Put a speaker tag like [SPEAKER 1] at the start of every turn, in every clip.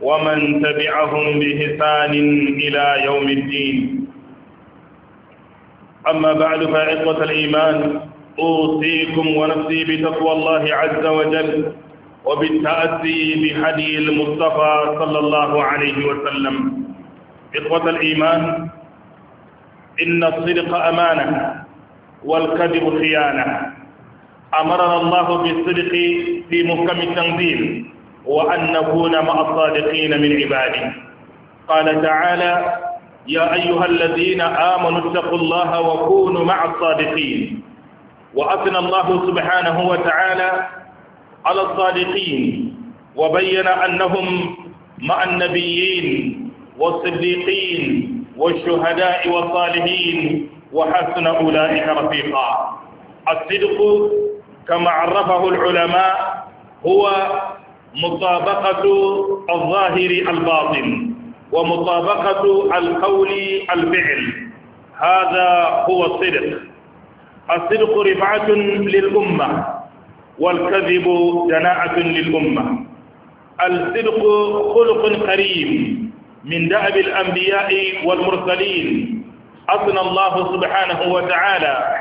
[SPEAKER 1] ومن تبعهم بإحسان إلى يوم الدين أما بعد فإخوة الإيمان أوصيكم ونفسي بتقوى الله عز وجل وبالتأسي بهدي المصطفى صلى الله عليه وسلم إخوة الإيمان إن الصدق أمانة والكذب خيانة أمرنا الله بالصدق في محكم التنزيل وأن نكون مع الصادقين من عباده قال تعالى يا أيها الذين آمنوا اتقوا الله وكونوا مع الصادقين وأثنى الله سبحانه وتعالى على الصادقين وبين أنهم مع النبيين والصديقين والشهداء والصالحين وحسن أولئك رفيقا الصدق كما عرفه العلماء هو مطابقة الظاهر الباطن ومطابقة القول الفعل هذا هو الصدق الصدق رفعة للأمة والكذب دناءة للأمة الصدق خلق كريم من دأب الأنبياء والمرسلين أثنى الله سبحانه وتعالى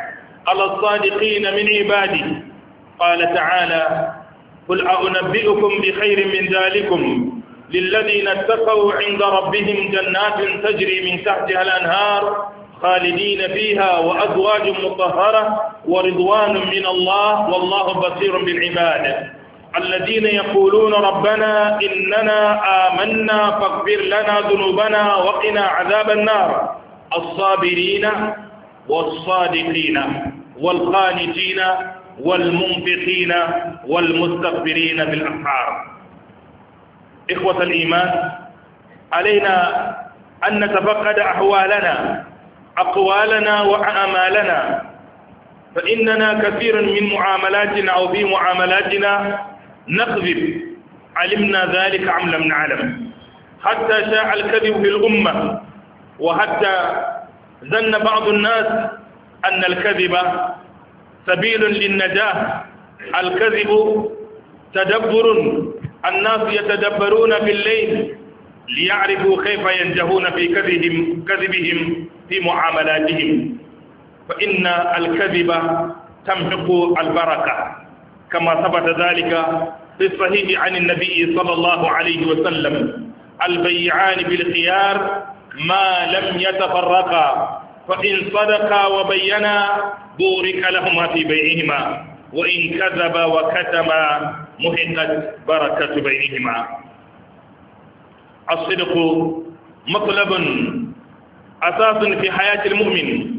[SPEAKER 1] على الصادقين من عباده قال تعالى قل أنبئكم بخير من ذلكم للذين اتقوا عند ربهم جنات تجري من تحتها الأنهار خالدين فيها وأزواج مطهرة ورضوان من الله والله بصير بالعباد الذين يقولون ربنا إننا آمنا فاغفر لنا ذنوبنا وقنا عذاب النار الصابرين والصادقين والقانتين والمنفقين والمستغفرين بالأسحار إخوة الإيمان علينا أن نتفقد أحوالنا أقوالنا وأعمالنا فإننا كثيرا من معاملاتنا أو في معاملاتنا نكذب علمنا ذلك أم لم نعلم حتى شاع الكذب في الأمة وحتى ظن بعض الناس أن الكذب سبيل للنجاة الكذب تدبر الناس يتدبرون بالليل ليعرفوا كيف ينجحون في كذبهم, كذبهم في معاملاتهم فإن الكذب تمحق البركة كما ثبت ذلك في الصحيح عن النبي صلى الله عليه وسلم البيعان بالخيار ما لم يتفرقا فإن صدقا وبينا بورك لهما في بيعهما وإن كذب وكتما محقت بركة بينهما الصدق مطلب أساس في حياة المؤمن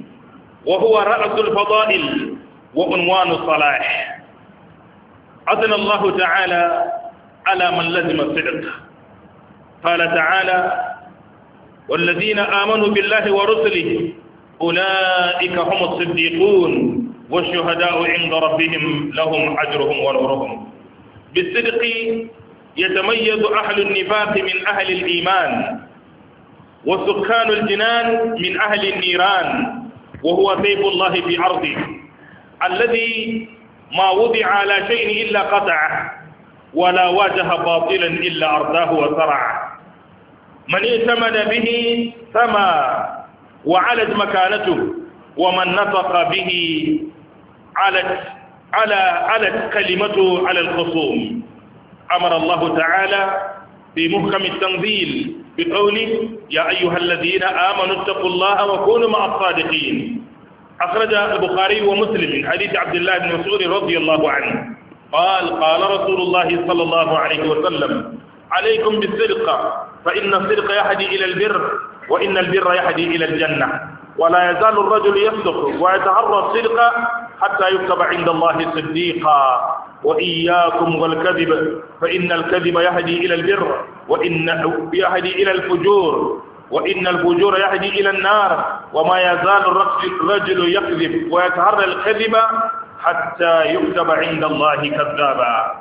[SPEAKER 1] وهو رأس الفضائل وعنوان الصلاح أذن الله تعالى على من لزم الصدق قال تعالى والذين آمنوا بالله ورسله أولئك هم الصديقون والشهداء عند ربهم لهم أجرهم ونورهم بالصدق يتميز أهل النفاق من أهل الإيمان وسكان الجنان من أهل النيران وهو سيف الله في أرضه الذي ما وضع على شيء إلا قطعه ولا واجه باطلا إلا أرضاه وصرعه من اعتمد به فما وعلت مكانته ومن نطق به علت على علت كلمته على الخصوم أمر الله تعالى في محكم التنزيل بقوله يا أيها الذين آمنوا اتقوا الله وكونوا مع الصادقين أخرج البخاري ومسلم من حديث عبد الله بن مسعود رضي الله عنه قال قال رسول الله صلى الله عليه وسلم عليكم بالسرقة فإن السرقة يهدي إلى البر وإن البر يهدي إلى الجنة ولا يزال الرجل يصدق ويتعرى الصدق حتى يكتب عند الله صديقا وإياكم والكذب فإن الكذب يهدي إلى البر وإن يهدي إلى الفجور وإن الفجور يهدي إلى النار وما يزال الرجل يكذب ويتعرى الكذب حتى يكتب عند الله كذابا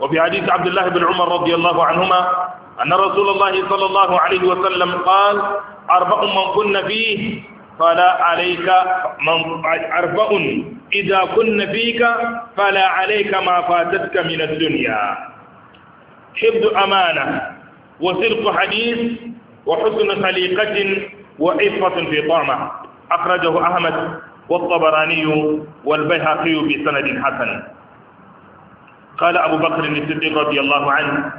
[SPEAKER 1] وفي حديث عبد الله بن عمر رضي الله عنهما أن رسول الله صلى الله عليه وسلم قال أربع من كن فيه فلا عليك من أربع إذا كن فيك فلا عليك ما فاتتك من الدنيا حفظ أمانة وصدق حديث وحسن خليقة وعفة في طعمة أخرجه أحمد والطبراني والبيهقي بسند حسن قال أبو بكر الصديق رضي الله عنه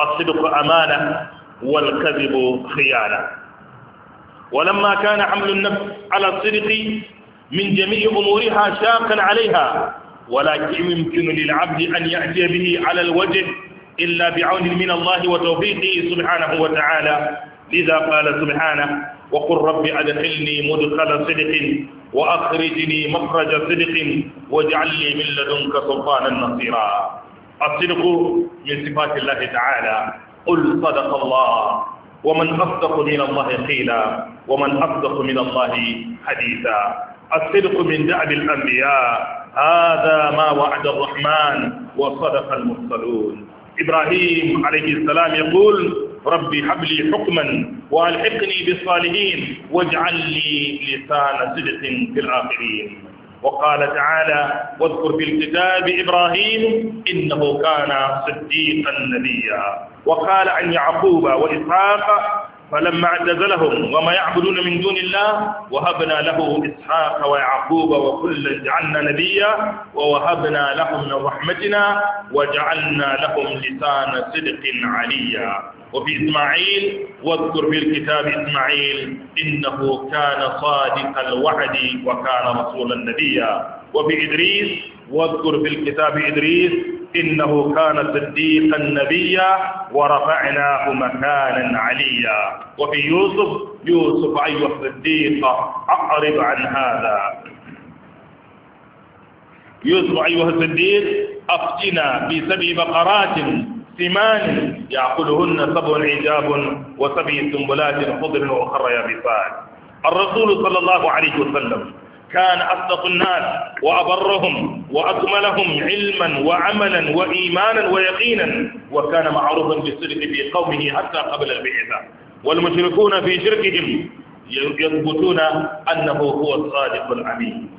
[SPEAKER 1] الصدق أمانة والكذب خيانة ولما كان حمل النفس على الصدق من جميع أمورها شاقا عليها ولكن يمكن للعبد أن يأتي به على الوجه إلا بعون من الله وتوفيقه سبحانه وتعالى لذا قال سبحانه وقل رب أدخلني مدخل صدق وأخرجني مخرج صدق واجعل لي من لدنك سلطانا نصيرا الصدق من صفات الله تعالى قل صدق الله ومن أصدق من الله قيلا ومن أصدق من الله حديثا الصدق من دعب الأنبياء هذا ما وعد الرحمن وصدق المرسلون إبراهيم عليه السلام يقول ربي حبلي لي حكما والحقني بالصالحين واجعل لي لسان صدق في الآخرين وقال تعالى واذكر في الكتاب إبراهيم إنه كان صديقا نبيا وقال عن يعقوب وإسحاق فلما اعتزلهم وما يعبدون من دون الله وهبنا له إسحاق ويعقوب وكلا جعلنا نبيا ووهبنا لهم من رحمتنا وجعلنا لهم لسان صدق عليا وفي إسماعيل واذكر في الكتاب إسماعيل إنه كان صادق الوعد وكان رسولا نبيا وفي إدريس واذكر في الكتاب إدريس إنه كان صديقا نبيا ورفعناه مكانا عليا وفي يوسف يوسف أيها الصديق أعرض عن هذا يوسف أيها الصديق أفتنا بسبع بقرات ثمان يعقلهن سبع عجاب وسبع سنبلات خضر وأخر يابسات الرسول صلى الله عليه وسلم كان أصدق الناس وأبرهم وأكملهم علما وعملا وإيمانا ويقينا وكان معروفا بالصدق في قومه حتى قبل البعثة والمشركون في شركهم يثبتون أنه هو الصادق الأمين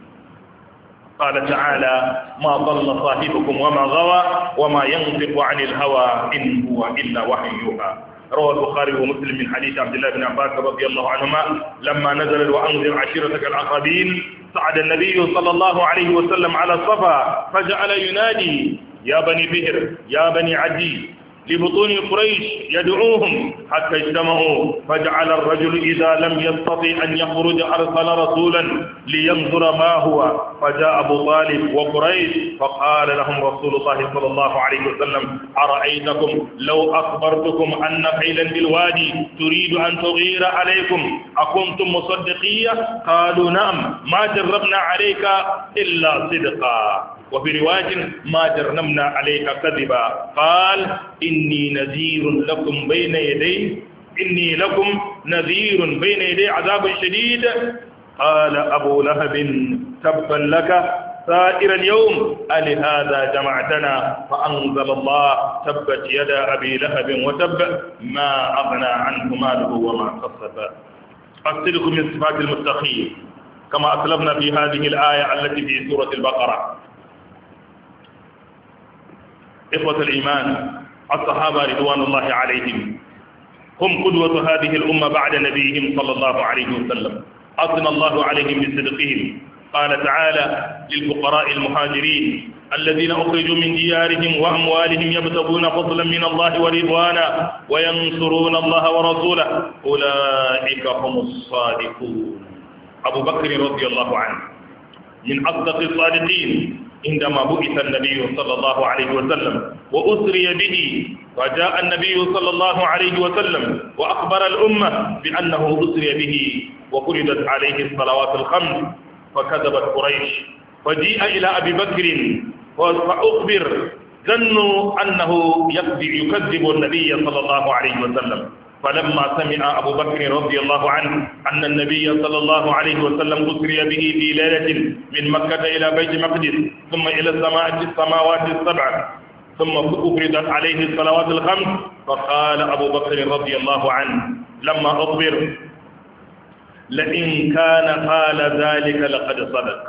[SPEAKER 1] قال تعالى ما ضل صاحبكم وما غوى وما ينطق عن الهوى إن هو إلا وحي يوحى روى البخاري ومسلم من حديث عبد الله بن عباس رضي الله عنهما لما نزل وأنذر عشيرتك العقابين صعد النبي صلى الله عليه وسلم على الصفا فجعل ينادي يا بني بئر يا بني عدي لبطون قريش يدعوهم حتى اجتمعوا فجعل الرجل إذا لم يستطع أن يخرج أرسل رسولا لينظر ما هو فجاء أبو طالب وقريش فقال لهم رسول الله صلى الله عليه وسلم أرأيتكم لو أخبرتكم أن فعلا بالوادي تريد أن تغير عليكم أكنتم مصدقية قالوا نعم ما جربنا عليك إلا صدقا وفي رواية ما جرنمنا عليك كذبا قال إني نذير لكم بين يدي إني لكم نذير بين يدي عذاب شديد قال أبو لهب تبا لك سائر اليوم ألهذا جمعتنا فأنزل الله تبت يدا أبي لهب وتب ما أغنى عنه ماله وما قصف الصدق من صفات المتقين كما أسلمنا في هذه الآية التي في سورة البقرة إخوة الإيمان الصحابة رضوان الله عليهم هم قدوة هذه الأمة بعد نبيهم صلى الله عليه وسلم أثنى الله عليهم بصدقهم قال تعالى للفقراء المهاجرين الذين أخرجوا من ديارهم وأموالهم يبتغون فضلا من الله ورضوانا وينصرون الله ورسوله أولئك هم الصادقون أبو بكر رضي الله عنه من أصدق الصادقين عندما بعث النبي صلى الله عليه وسلم وأسري به وجاء النبي صلى الله عليه وسلم وأخبر الأمة بأنه أسري به وفرضت عليه الصلوات الخمس فكذبت قريش فجيء إلى أبي بكر فأخبر ظنوا أنه يكذب النبي صلى الله عليه وسلم فلما سمع أبو بكر رضي الله عنه أن النبي صلى الله عليه وسلم أسري به في ليلة من مكة إلى بيت مقدس ثم إلى السماء السماوات السبع ثم أفردت عليه الصلوات الخمس فقال أبو بكر رضي الله عنه لما أخبر لئن كان قال ذلك لقد صدق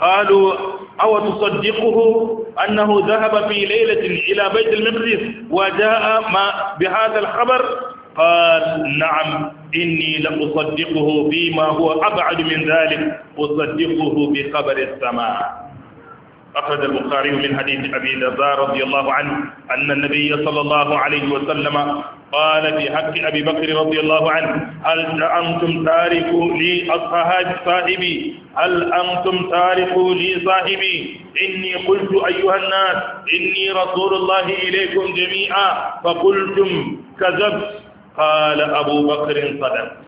[SPEAKER 1] قالوا أو تصدقه أنه ذهب في ليلة إلى بيت المقدس وجاء ما بهذا الخبر قال نعم إني لأصدقه فيما هو أبعد من ذلك أصدقه بخبر السماء أخرج البخاري من حديث أبي ذر رضي الله عنه أن النبي صلى الله عليه وسلم قال في حق أبي بكر رضي الله عنه هل أنتم تاركوا لي أصحاب صاحبي هل أنتم تاركوا لي صاحبي إني قلت أيها الناس إني رسول الله إليكم جميعا فقلتم كذبت قال أبو بكر صدق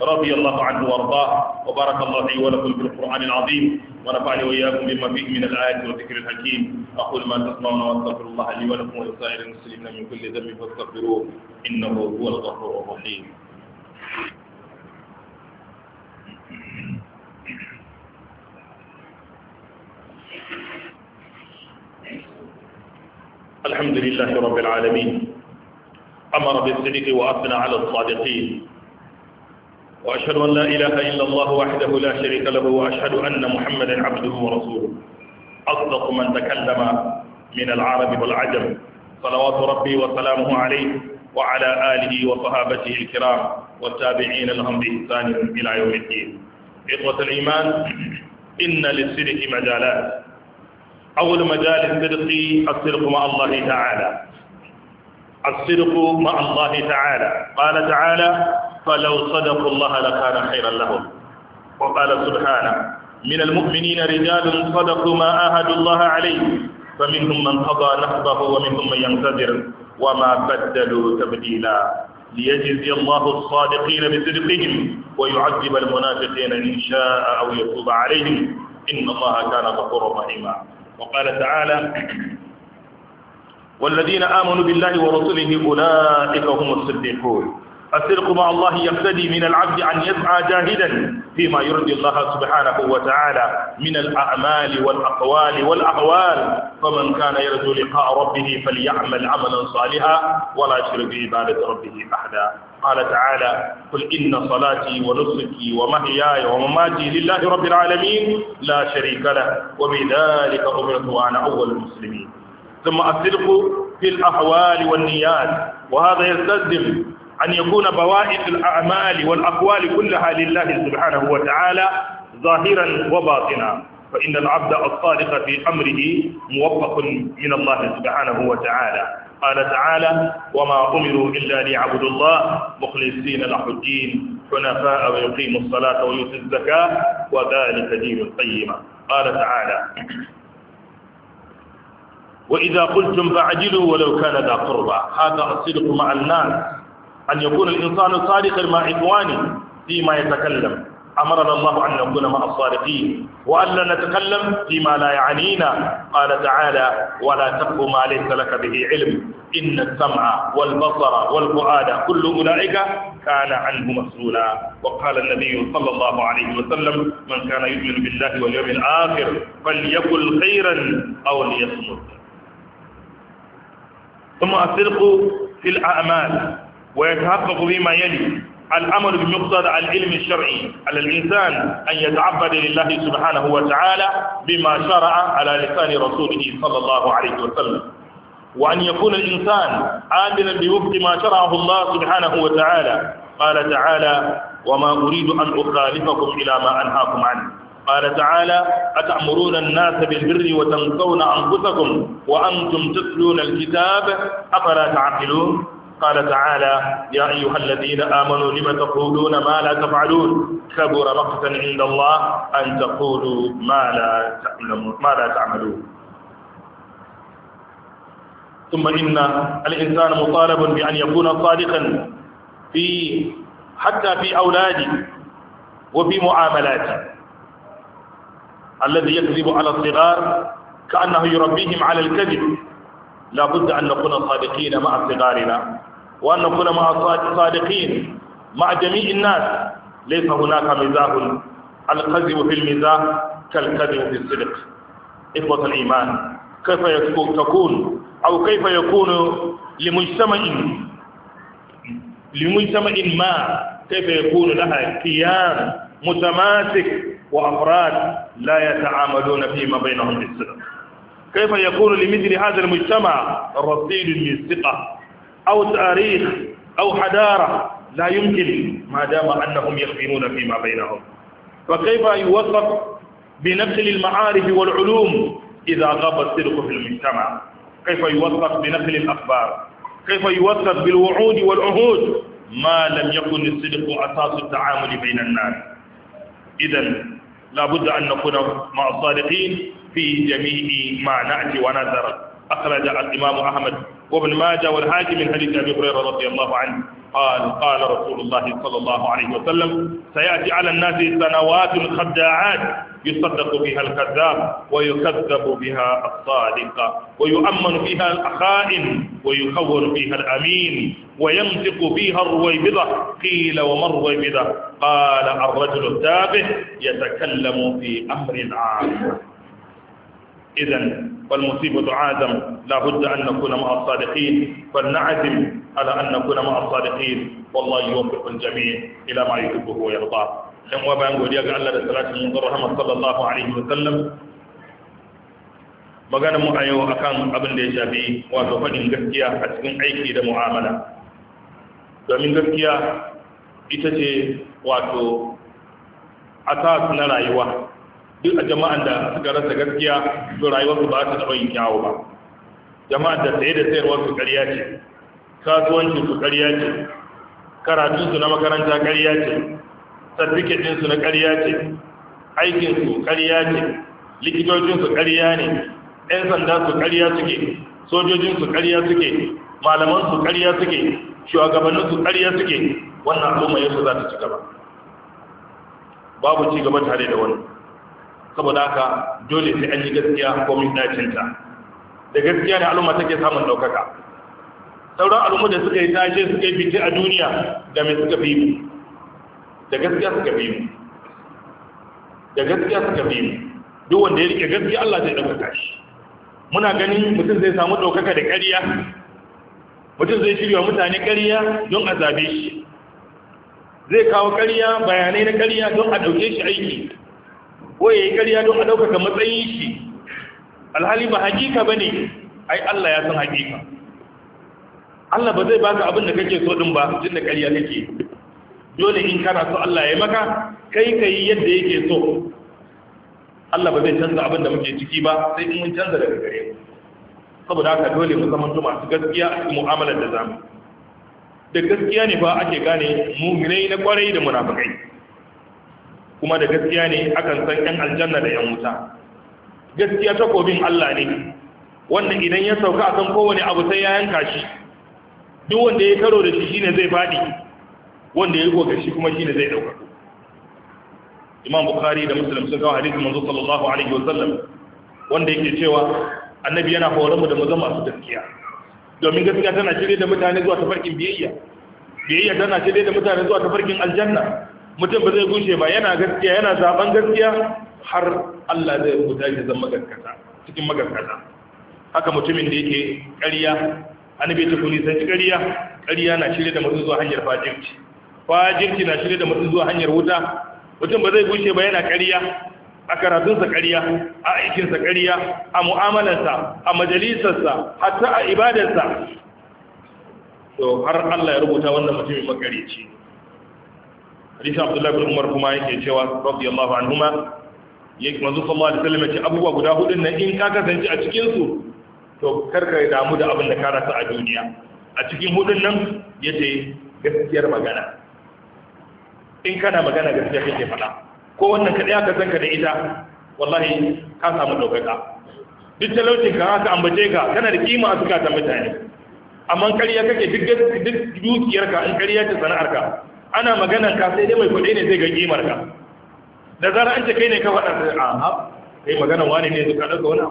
[SPEAKER 1] رضي الله عنه وارضاه وبارك الله لي ولكم في القرآن العظيم ونفعني وإياكم بما فيه من الآيات والذكر الحكيم أقول ما تسمعون وأستغفر الله لي ولكم ولسائر المسلمين من كل ذنب فاستغفروه إنه هو الغفور الرحيم الحمد لله رب العالمين أمر بالصدق وأثنى على الصادقين وأشهد أن لا إله إلا الله وحده لا شريك له وأشهد أن محمدا عبده ورسوله أصدق من تكلم من العرب والعجم صلوات ربي وسلامه عليه وعلى آله وصحابته الكرام والتابعين لهم بإحسان إلى يوم الدين إخوة الإيمان إن للصدق مجالات أول مجال الصدق الصدق مع الله تعالى الصدق مع الله تعالى قال تعالى فلو صدقوا الله لكان خيرا لهم وقال سبحانه من المؤمنين رجال صدقوا ما عاهدوا الله عليه فمنهم من قضى نحبه ومنهم من ينتظر وما بدلوا تبديلا ليجزي الله الصادقين بصدقهم ويعذب المنافقين إن شاء أو يتوب عليهم إن الله كان غفورا رحيما وقال تعالى والذين آمنوا بالله ورسله أولئك هم الصديقون الصدق مع الله يقتدي من العبد أن يسعى جاهدا فيما يرضي الله سبحانه وتعالى من الأعمال والأقوال والأحوال فمن كان يرجو لقاء ربه فليعمل عملا صالحا ولا يشرك بعبادة ربه أحدا قال تعالى قل إن صلاتي ونسكي ومحياي ومماتي لله رب العالمين لا شريك له وبذلك أمرت وأنا أول المسلمين ثم الصدق في الأحوال والنيات وهذا يستلزم أن يكون بوائد الأعمال والأقوال كلها لله سبحانه وتعالى ظاهرا وباطنا فإن العبد الصادق في أمره موفق من الله سبحانه وتعالى قال تعالى وما أمروا إلا ليعبدوا الله مخلصين له الدين حنفاء ويقيموا الصلاة ويؤتوا الزكاة وذلك دين القيمة قال تعالى وإذا قلتم فعجلوا ولو كان ذا قربى هذا الصدق مع الناس أن يكون الإنسان صادقا مع إخوانه فيما يتكلم أمرنا الله أن نكون مع الصادقين وأن لا نتكلم فيما لا يعنينا قال تعالى ولا تقف ما ليس لك به علم إن السمع والبصر والفؤاد كل أولئك كان عنه مسؤولا وقال النبي صلى الله عليه وسلم من كان يؤمن بالله واليوم الآخر فليقل خيرا أو ليصمت ثم الصدق في الأعمال ويتحقق بما يلي الأمر بمقتضى العلم الشرعي على الإنسان أن يتعبد لله سبحانه وتعالى بما شرع على لسان رسوله صلى الله عليه وسلم وأن يكون الإنسان عاملا بوفق ما شرعه الله سبحانه وتعالى قال تعالى وما أريد أن أخالفكم إلى ما أنهاكم عنه قال تعالى أتأمرون الناس بالبر وتنسون أنفسكم وأنتم تتلون الكتاب أفلا تعقلون قال تعالى يا أيها الذين آمنوا لم تقولون ما لا تفعلون كبر مقتا عند الله أن تقولوا ما لا تعلمون ما لا تعملون ثم إن الإنسان مطالب بأن يكون صادقا في حتى في أولاده وفي معاملاته الذي يكذب على الصغار كأنه يربيهم على الكذب لا بد أن نكون صادقين مع صغارنا وأن نكون مع الصادقين مع جميع الناس ليس هناك مزاح الكذب في المزاح كالكذب في الصدق إخوة الإيمان كيف تكون أو كيف يكون لمجتمع لمجتمع ما كيف يكون لها كيان متماسك وأفراد لا يتعاملون فيما بينهم بالصدق كيف يكون لمثل هذا المجتمع رصيد من أو تاريخ أو حضارة لا يمكن ما دام أنهم يخبرون فيما بينهم فكيف يوصف بنقل المعارف والعلوم إذا غاب الصدق في المجتمع كيف يوصف بنقل الأخبار كيف يوصف بالوعود والعهود ما لم يكن الصدق أساس التعامل بين الناس إذا لابد أن نكون مع الصادقين في جميع ما نأتي ونذر أخرج الإمام أحمد وابن ماجه والحاج من حديث أبي هريرة رضي الله عنه قال قال رسول الله صلى الله عليه وسلم سيأتي على الناس سنوات خداعات يصدق بها الكذاب ويكذب بها الصادق ويؤمن بها الخائن ويخون فيها الأمين وينطق فيها الرويبضة قيل وما الرويبضة قال الرجل التابه يتكلم في أمر عام إذا والمصيبة عادم لا بد أن نكون مع الصادقين فلنعزم على أن نكون مع الصادقين والله يوفق الجميع إلى ما يحبه ويرضاه كم وبان قول يقع الله رسالة من رحمة صلى الله عليه وسلم maganar mu a أبن akan abin da ya shafi wato faɗin gaskiya a cikin aiki da mu'amala domin gaskiya ita duk a jama'an da suka rasa gaskiya to rayuwarsu ba su taɓa yin kyawu ba jama'an da saye da sayarwar su ƙarya ce kasuwancin su ƙarya ce karatun su na makaranta ƙarya ce sarfiketin su na ƙarya ce aikin su ƙarya ce likitocin su ƙarya ne ɗan sanda su ƙarya suke sojojin su ƙarya suke malaman su ƙarya suke shugabannin su ƙarya suke wannan al'umma yau za ta ci gaba babu ci gaba tare da wani saboda haka dole sai an yi gaskiya ko min ta da gaskiya ne al'umma take samun ɗaukaka sauran al'umma da suka yi tashe suka yi fice a duniya da mai suka fi mu da gaskiya suka fi mu da gaskiya suka fi mu duk wanda ya rike gaskiya Allah zai daukaka shi muna ganin mutum zai samu ɗaukaka da ƙarya mutum zai shirya mutane ƙarya don a zabe shi zai kawo ƙarya bayanai na ƙarya don a ɗauke shi aiki ko ya yi ƙarya don a ɗaukaka matsayin shi alhali ba hakika ba ne ai Allah ya san hakika Allah ba zai baka abin da kake so ɗin ba tun da ƙarya kake dole in kana so Allah ya maka kai ka yi yadda yake so Allah ba zai canza abin da muke ciki ba sai in mun canza daga gare saboda haka dole mu zama masu gaskiya a cikin mu'amalar da zamu da gaskiya ne fa ake gane mu'minai na kwarai da munafikai kuma da gaskiya ne akan san yan aljanna da yan wuta gaskiya takobin Allah ne wanda idan ya sauka a san kowane abu sai ya yanka shi duk wanda ya karo da shi shine zai fadi wanda ya yi shi, kuma shine zai dauka Imam Bukhari da Muslim sun kawo hadisi manzo sallallahu alaihi wasallam wanda yake cewa annabi yana horon mu da mu zama masu gaskiya domin gaskiya tana shirye da mutane zuwa tafarkin biyayya biyayya tana shirye da mutane zuwa tafarkin aljanna mutum ba zai gushe ba yana gaskiya yana zaben gaskiya har Allah zai rubuta shi zan magarkata cikin magarkata haka mutumin da yake ƙarya bi ta kuni sai ƙarya ƙarya na shirye da mutum zuwa hanyar fajirci fajirci na shirye da mutum zuwa hanyar wuta mutum ba zai gushe ba yana ƙarya a karatunsa ƙarya a aikinsa ƙarya a mu'amalarsa a majalisarsa hatta a ibadarsa to har Allah ya rubuta wannan mutumin makarici hadisi abdullahi bin umar kuma yake cewa radiyallahu anhuma yake manzo sallallahu alaihi wasallam ce abubuwa guda hudu ne in ka kasance a cikin su to ka damu da abin da ka rasa a duniya a cikin hudun nan yace gaskiyar magana in kana magana gaskiya kake faɗa ko wannan ka aka san ka da ita wallahi ka samu dokaka duk talaucin ka haka ambace ka kana da kima a suka ta mutane amma kariya kake duk dukiyar ka in kariya ta sana'ar ka ana magana ka sai dai mai kudi ne zai ga kimar ka da zarar an ce kai ne ka faɗa sai a ha kai magana wani ne ka ɗauka wani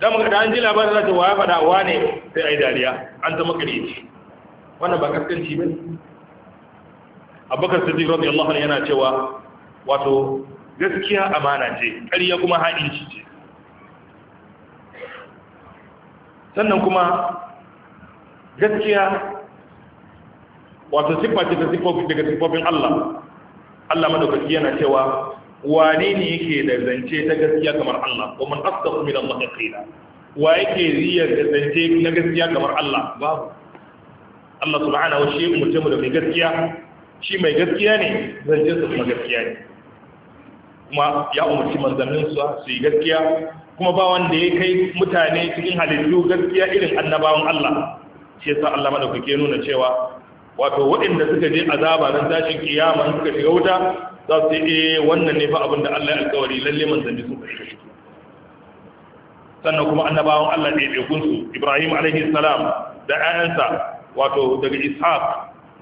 [SPEAKER 1] da muka da an ji labarin za ta waya faɗa ne, sai ai dariya an zama karici wannan ba kaskanci ba ne abubakar sadiq radiyallahu anhu yana cewa wato gaskiya amana ce ƙarya kuma haɗinci ce sannan kuma gaskiya wato sifa ce ta siffofi daga siffofin Allah Allah madaukaki yana cewa wane ne yake da zance ta gaskiya kamar Allah wa man asqa min Allah qila wa yake riya da zance na gaskiya kamar Allah babu Allah subhanahu wa ta'ala mutum da mai gaskiya shi mai gaskiya ne Zance sa kuma gaskiya ne kuma ya umarci manzannin su su yi gaskiya kuma ba wanda ya kai mutane cikin halittu gaskiya irin annabawan Allah shi yasa Allah madaukake nuna cewa wato waɗanda suka je azaba nan tashin kiyama suka shiga wuta za su ce eh, wannan ne fa abin da Allah ya alkawari lalle manzanni sun fahimta shi sannan kuma annabawan Allah ne ɗaiɗaikun su Ibrahim alaihi salam da ƴaƴansa wato daga Ishaq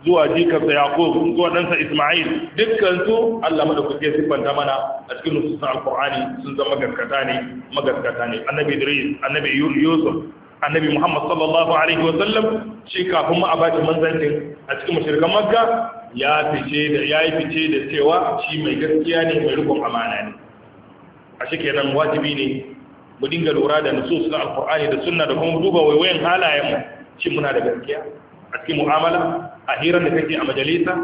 [SPEAKER 1] zuwa jikarsa Yaqub zuwa ɗansa Isma'il dukkan su Allah madaukake siffanta mana a cikin nususun Alƙur'ani sun zama gaskata ne magaskata ne annabi Idris annabi Yusuf annabi Muhammad sallallahu alaihi wa sallam shi kafin ma a bashi manzancin a cikin mashirka makka ya fice da ya yi fice da cewa shi mai gaskiya ne mai rikon amana ne a shi kenan wajibi ne mu dinga lura da nasu suna alkur'ani da sunna da kuma duba waiwayen halayen mu shi muna da gaskiya a cikin mu'amala a hirar da kake a majalisa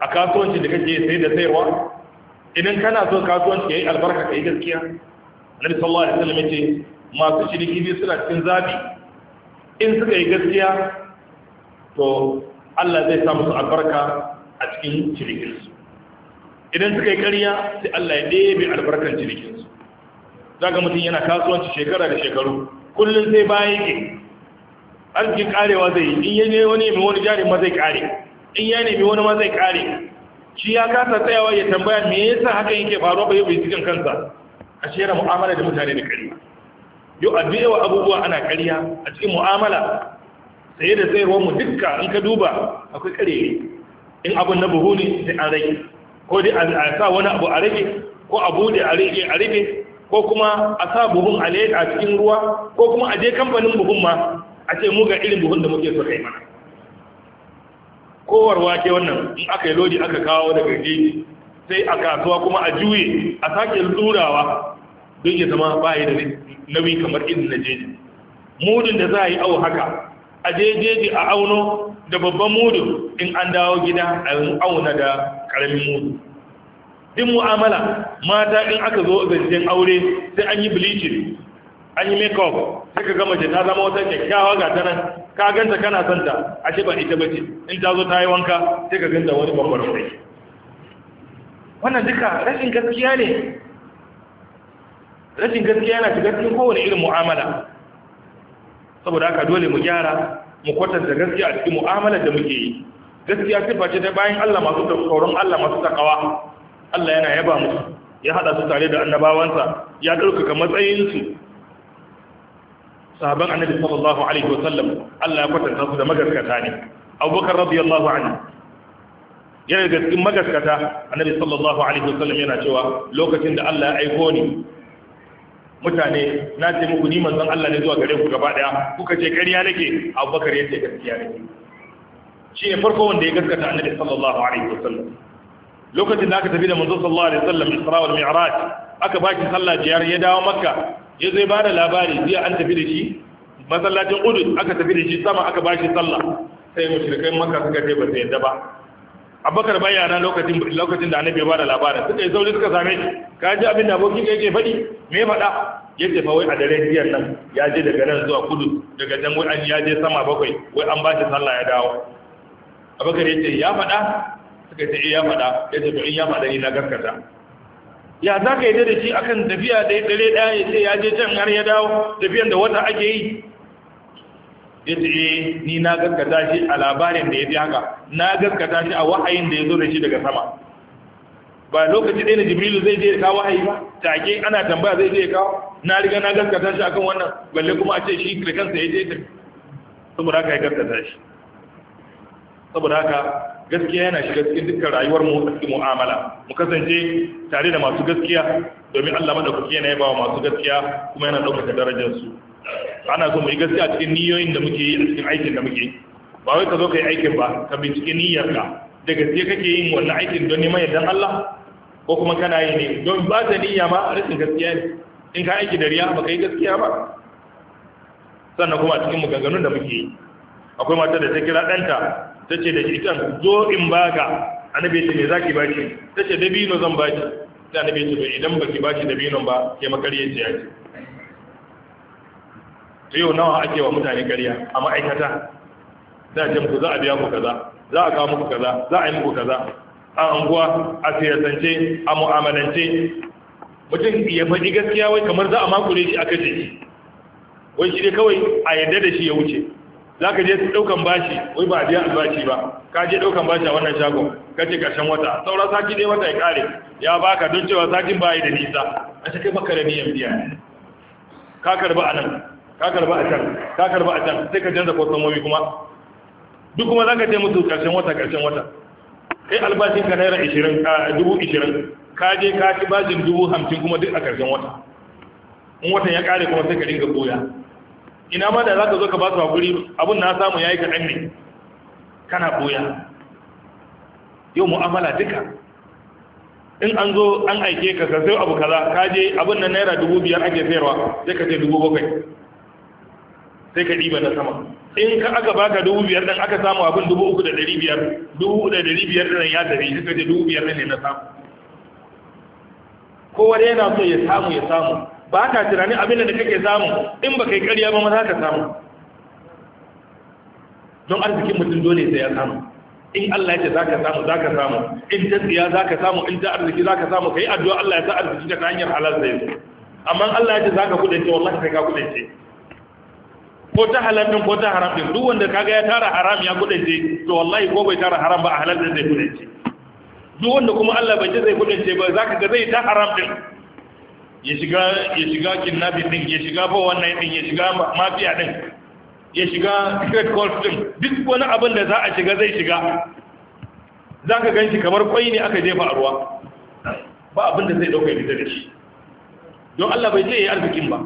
[SPEAKER 1] a kasuwanci da kake sai da sayarwa idan kana so kasuwanci ya yi albarka ka yi gaskiya na sallallahu alaihi wasallam yace masu shiriki biyu suna cikin zabi in suka yi gaskiya to Allah zai sa musu albarka a cikin cirikinsu idan suka yi karya, sai Allah ya ɗebe albarkar cirikinsu za ga mutum yana kasuwanci shekara da shekaru kullum sai baya yake arzikin karewa zai in ya ne wani mai wani jari ma zai kare in ya nemi wani ma zai kare shi ya kasa tsayawa ya tambaya me yasa haka yake faruwa bai bai cikin kansa a shera mu'amala da mutane da ƙarya yau a abubuwa ana ƙarya a cikin mu'amala sai da tsayawar mu dukka in ka duba akwai kare in abun na buhu ne sai an rage ko dai a sa wani abu a rage ko a bude a rage a rage ko kuma a sa buhun a a cikin ruwa ko kuma a je kamfanin buhun ma a ce mu ga irin buhun da muke so kai mana kowar wake wannan in aka yi lodi aka kawo daga gidi sai a kasuwa kuma a juye a sake lurawa don ya zama bayi da nauyi kamar irin na jeji mudun da za a yi au haka a jejeji a auno da babban mudu in an dawo gida a auna da ƙaramin mudu din mu'amala mata in aka zo zancen aure sai an yi bleaching an yi makeup sai ka gama ce ta zama wata kyakkyawa ga ta nan ka ganta kana santa shi ba ita bace in ta zo ta yi wanka sai ka ganta wani babbar sai wannan duka rashin gaskiya ne rashin gaskiya yana shiga cikin kowane irin mu'amala saboda haka dole mu gyara mu kwatanta gaskiya a cikin mu'amalar da muke yi gaskiya sifa ce ta bayan Allah masu tsoron Allah masu takawa Allah yana yaba musu ya hada su tare da annabawansa ya ɗaukaka matsayinsu sahaban annabi sallallahu alaihi wasallam Allah ya kwatanta su da magaskata ne abubakar radiyallahu anhu yana da cikin magaskata annabi sallallahu alaihi wasallam yana cewa lokacin da Allah ya aiko ni mutane na ce muku ni manzon Allah ne zuwa gare ku gaba daya kuka ce ƙarya nake Abubakar ya ce gaskiya nake shi ne farko wanda ya gaskata Annabi sallallahu alaihi wasallam lokacin da aka tafi da manzon sallallahu alaihi wasallam Isra wal Mi'raj aka baki sallah jiyar ya dawo Makka ya zai bada labari jiya an tafi da shi masallacin Uhud aka tafi da shi sama aka bashi sallah sai mushrikai Makka suka ce ba su yadda ba abubakar yana lokacin lokacin da annabi ya bada labarin suka yi sauri suka same shi ka ji abin da abokin ka yake faɗi me faɗa ya ce fa wai a dare jiyan nan ya je daga nan zuwa kudu daga can wai an ya je sama bakwai wai an ba shi sallah ya dawo abubakar ya ce ya faɗa suka ce eh, ya faɗa ya ce to in ya faɗa ni na gaskata ya za ka yi da shi akan tafiya da dare ɗaya ya ce ya je can har ya dawo tafiyan da wata ake yi ya ce eh ni na gaskata shi a labarin da ya fi haka na gaskata shi a wahayin da ya zo da shi daga sama ba lokaci ɗaya na jibrilu zai je ya kawo wahayi ba take ana tambaya zai je ya kawo na riga na gaskata shi akan wannan balle kuma a ce shi da kansa ya je ta saboda haka ya gaskata shi saboda haka gaskiya yana shiga cikin dukkan rayuwar mu cikin mu'amala mu kasance tare da masu gaskiya domin Allah madaukaki yana yaba wa masu gaskiya kuma yana ɗaukaka darajar su ana so mu yi gaskiya cikin niyoyin da muke yi a cikin aikin da muke yi ba wai ka zo ka yi aikin ba ka bincike niyyarka da gaske kake yin wannan aikin don neman yardan Allah ko kuma kana yi ne don ba ta niyya ma rashin gaskiya ne in ka aiki da riya ba ka yi gaskiya ba sannan kuma a cikin maganganun da muke yi akwai mata da ta kira ɗanta ta ce da shi kan zo in baka annabi ce me zaki baki ta ce dabino zan baki sai annabi ce idan baki baki dabinon ba ke makariyar jiya ta yau nawa ake wa mutane ƙarya a ma'aikata za a jamku za a biya ku kaza za a kawo muku kaza za a yi muku kaza a anguwa a siyasance a mu'amalance mutum ya faɗi gaskiya wai kamar za a makure shi aka jiki wai shi dai kawai a yadda da shi ya wuce za ka je ɗaukan bashi wai ba a biya albashi ba ka je ɗaukan bashi a wannan shagon ka ce ƙarshen wata saura saki ne wata ya ƙare ya baka don cewa sakin ba da nisa a shi kai baka da biya ka karba a nan ka karba a can ka karba a can sai ka canza kwastomomi kuma duk kuma za ka ce mutu karshen wata karshen wata kai albashin ka naira ishirin a dubu ishirin ka je ka ci bajin dubu hamsin kuma duk a karshen wata in watan ya kare kuma sai ka dinga koya ina ma da za ka zo ka ba su hakuri abun na samu ya yi kaɗan ne kana koya yau mu'amala duka in an zo an aike ka ka sai abu kaza ka je abin nan naira dubu biyar ake sayarwa sai ka ce dubu bakwai sai ka ɗiba na sama in ka aka baka dubu biyar ɗan aka samu abin dubu uku da ɗari biyar dubu uku da ɗari biyar ɗan ya tafi suka ce dubu biyar ɗan ne na samu kowa dai yana so ya samu ya samu ba ka tunanin abin da kake samu in ba kai ƙarya ba ma za ka samu don arzikin mutum dole sai ya samu in Allah ya ce za ka samu za ka samu in ta tsiya za ka samu in ta arziki za ka samu ka yi addu'a Allah ya sa arziki ka ta hanyar halal zai zo amma Allah ya ce za ka kudance wallahi sai ka kudance ko ta halalin ko ta haram din duk wanda kaga ya tara haram ya kudance to wallahi ko bai tara haram ba a halalin zai zai kudance duk wanda kuma Allah bai ce zai kudance ba zaka ga zai ta haram din ya shiga ya shiga kidnapping din ya shiga ba wannan din ya shiga mafiya din ya shiga secret court din duk wani abin da za a shiga zai shiga zaka ganshi kamar kwai ne aka jefa a ruwa ba abin da zai dauka ya fita da shi don Allah bai ce yayi arzikin ba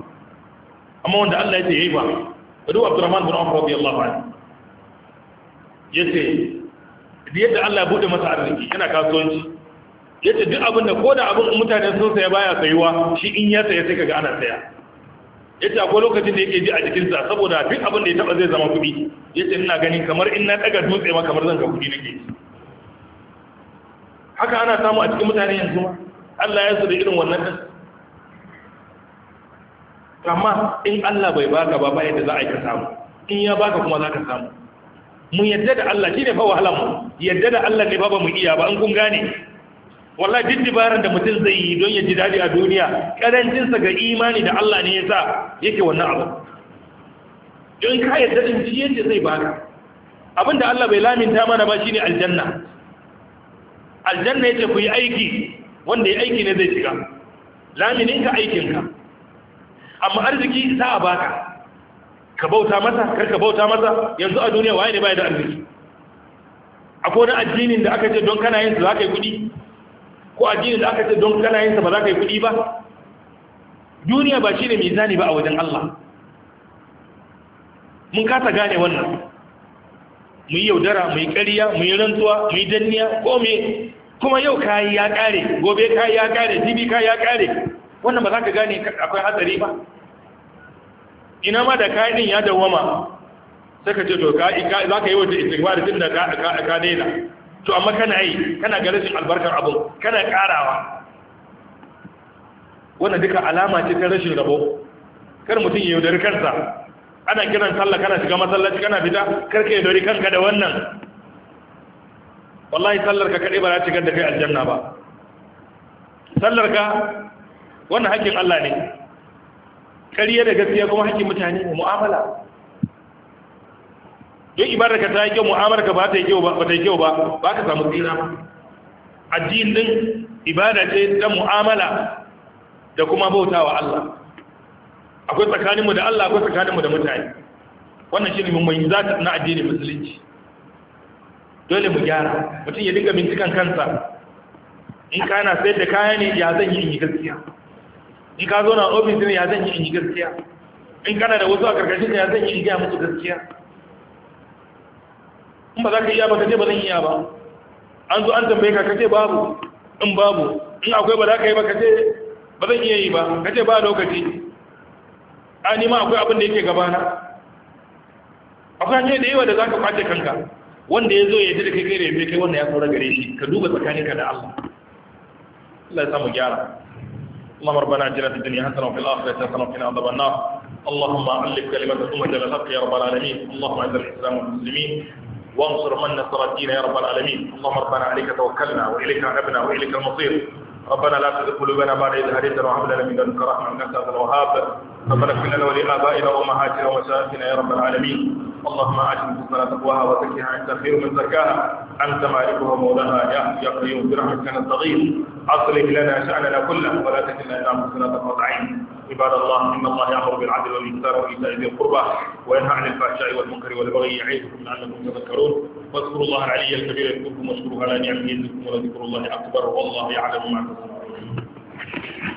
[SPEAKER 1] amma wanda Allah ya ce yayi ba ruwa abdurrahman bin amr radiyallahu anhu yace yadda Allah bude masa arziki yana kasuwanci yace duk abin da koda abin mutane sun saya baya sayuwa shi in ya saya sai kaga ana saya yace akwai lokacin da yake ji a jikin sa saboda duk abin da ya taba zai zama kudi yace ina gani kamar in na daga dutse ma kamar zan ga kudi nake haka ana samu a cikin mutane yanzu ma Allah ya da irin wannan amma in Allah bai baka ba ba yadda za a yi ka samu in ya baka kuma za ka samu mu yadda da Allah shi ne fa wahala mu yadda da Allah ne fa ba mu iya ba an kun gane wallahi duk dibaran da mutum zai yi don ya ji dadi a duniya karancin sa ga imani da Allah ne yasa yake wannan abu in ka yadda din shi yadda zai baka abinda Allah bai laminta mana ba shine aljanna aljanna yace ku yi aiki wanda ya aiki ne zai shiga laminin ka aikin ka amma arziki za a baka ka bauta masa kar ka bauta masa yanzu a duniya waye ne bai da arziki akwai wani addinin da aka ce don kana yin su za ka yi kuɗi ko addinin da aka ce don kana yin sa ba za ka yi kuɗi ba duniya ba shi ne mizani ba a wajen Allah mun kasa gane wannan mu yi yaudara mu yi ƙariya mu yi rantsuwa mu yi danniya ko me kuma yau kayi ya kare, gobe kayi ya kare, jibi kayi ya kare. wannan ba za ka gane akwai hatsari ba ina ma da kayan ya dawama sai ka ce to za ka yi wata istighfar tun da ka daina to amma kana yi kana ga rashin albarkar abu kana karawa wannan duka alama ce ta rashin rabo kar mutum ya yaudari kansa ana kiran sallah kana shiga masallaci kana fita kar ka yaudari kanka da wannan wallahi sallar ka kaɗai ba za ta shigar da kai aljanna ba sallar ka wannan hakkin Allah ne kariya da gaskiya kuma hakkin mutane ne mu'amala don ka ta yi kyau ka ba ta yi kyau ba ta yi kyau ba ba ka samu tsira addinin ibada ce ta mu'amala da kuma bautawa Allah akwai tsakaninmu da Allah akwai tsakaninmu da mutane wannan shi ne mummai za na addinin musulunci dole mu gyara mutum ya dinga bincikan kansa in kana sayar da kaya ne ya zan yi in yi gaskiya in ka zo na ofis ne ya zan yi in yi gaskiya in kana da wasu a karkashin ya zan yi in gaya musu gaskiya in ba za ka iya ba ka ce ba zan iya ba an zo an tambaye ka ka ce babu in babu in akwai ba za ka yi ba ka ce ba zan iya yi ba ka ce ba lokaci a nima akwai abin da yake gabana akwai hanyar da yawa da za ka kwace kanka wanda ya zo ya ji da kai kai da ya kai wanda ya saura gare shi ka duba tsakaninka da Allah Allah ya samu gyara اللهم ربنا اجعلنا في الدنيا حسنه وفي الاخره حسنه وقنا عذاب النار اللهم علق كلمه امه الحق يا رب العالمين اللهم اعز الاسلام والمسلمين وانصر من نصر الدين يا رب العالمين اللهم ربنا عليك توكلنا واليك عبنا واليك المصير ربنا لا تزغ قلوبنا بعد إذ هديتنا وهب لنا من لدنك رحمة إنك أنت الوهاب ربنا اغفر لنا ولآبائنا وأمهاتنا ومشايخنا يا رب العالمين اللهم آت نفوسنا تقواها وزكها أنت خير من زكاها أنت مالكها مولاها يا يا قيوم برحمتك نستغيث أصلح لنا شأننا كله ولا تكلنا إلى أنفسنا طرفة عين عباد الله إن الله يأمر بالعدل والإحسان وإيتاء ذي القربى وينهى عن الفحشاء والمنكر والبغي يعظكم لعلكم تذكرون واذكروا الله العلي الكبير يذكركم واشكروه على نعمه يزدكم ولذكر الله أكبر والله يعلم ما تصنعون